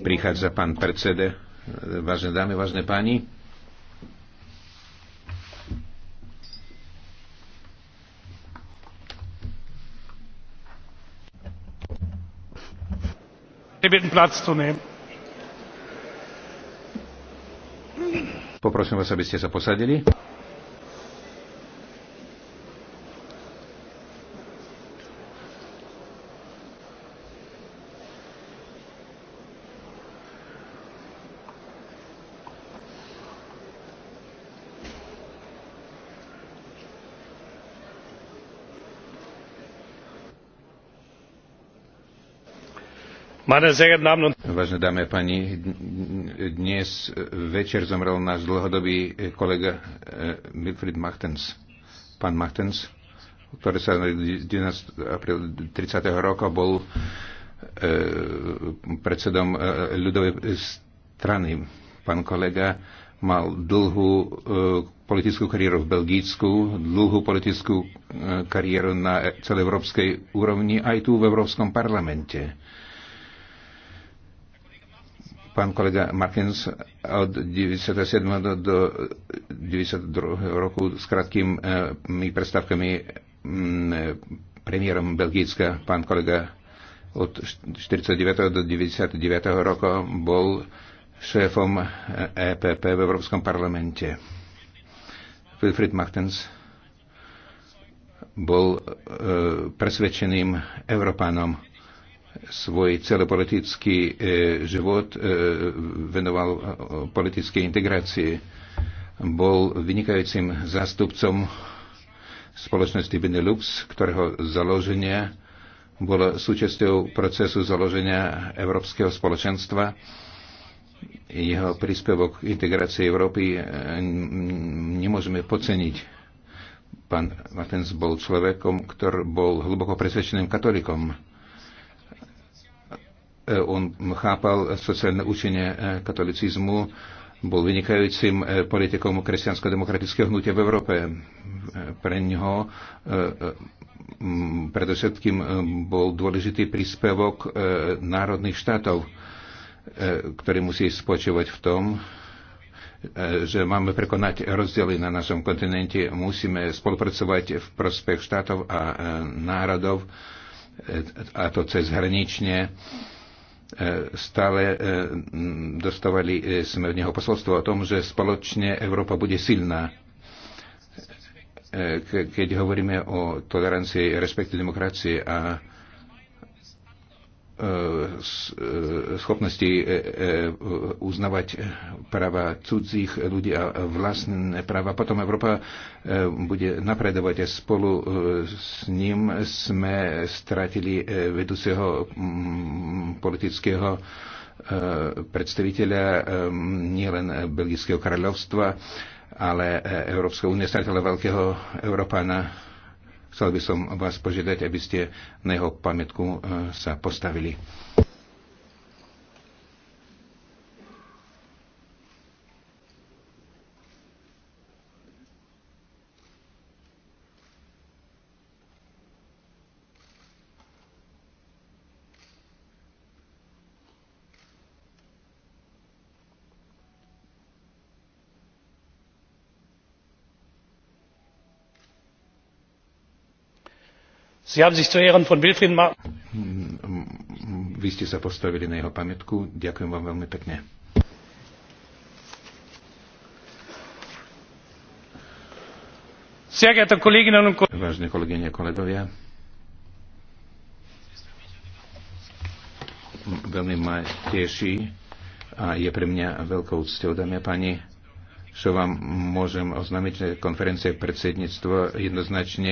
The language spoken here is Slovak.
Prichádza pán predsede. vážne dámy, vážne páni. Poprosím vás, aby ste sa posadili. Vážené dámy a páni, dnes večer zomrel náš dlhodobý kolega eh, Wilfried Machtens, pán Machtens, ktorý sa 19. apríl 30. roka bol eh, predsedom eh, ľudovej strany. Pán kolega mal dlhú politickú kariéru v Belgicku, dlhú politickú kariéru na celoeurópskej úrovni aj tu v Európskom parlamente pán kolega Markins od 97. do 92. roku s krátkými eh, predstavkami mm, eh, premiérom Belgicka, pán kolega od 49. do 99. roku bol šéfom EPP eh, e v Európskom parlamente. Wilfried Martins, bol e, presvedčeným Európanom svoj celopolitický e, život e, venoval e, politickej integrácii. Bol vynikajúcim zástupcom spoločnosti Benelux, ktorého založenie bolo súčasťou procesu založenia Európskeho spoločenstva. Jeho príspevok k integrácii Európy nemôžeme poceniť. Pán Matens bol človekom, ktorý bol hlboko presvedčeným katolikom on chápal sociálne učenie e, katolicizmu, bol vynikajúcim e, politikom kresťansko-demokratického hnutia v Európe. E, pre ňoho predovšetkým bol dôležitý príspevok národných štátov, ktorý musí spočívať v tom, že máme prekonať rozdiely na našom kontinente, musíme spolupracovať v prospech štátov a národov, a to cez hranične E, stále e, dostávali e, sme od neho posolstvo o tom, že spoločne Európa bude silná. Keď hovoríme o tolerancii, respekte demokracie a E, e, schopnosti e, uznávať práva cudzích ľudí a vlastné práva. Potom Európa bude napredovať a spolu s ním sme stratili vedúceho mm, politického predstaviteľa nielen Belgického kráľovstva, ale Európska únia stratila veľkého Európana Chcel by som vás požiadať, aby ste na jeho pamätku eh, sa postavili. Sie haben sich zu Ehren von Wilfried Ma Vy ste sa postavili na jeho pamätku. Ďakujem vám veľmi pekne. Vážne kolegyne a kolegovia, veľmi ma teší a je pre mňa veľkou cťou, dámy a páni, čo vám môžem oznámiť, že konferencia predsedníctvo jednoznačne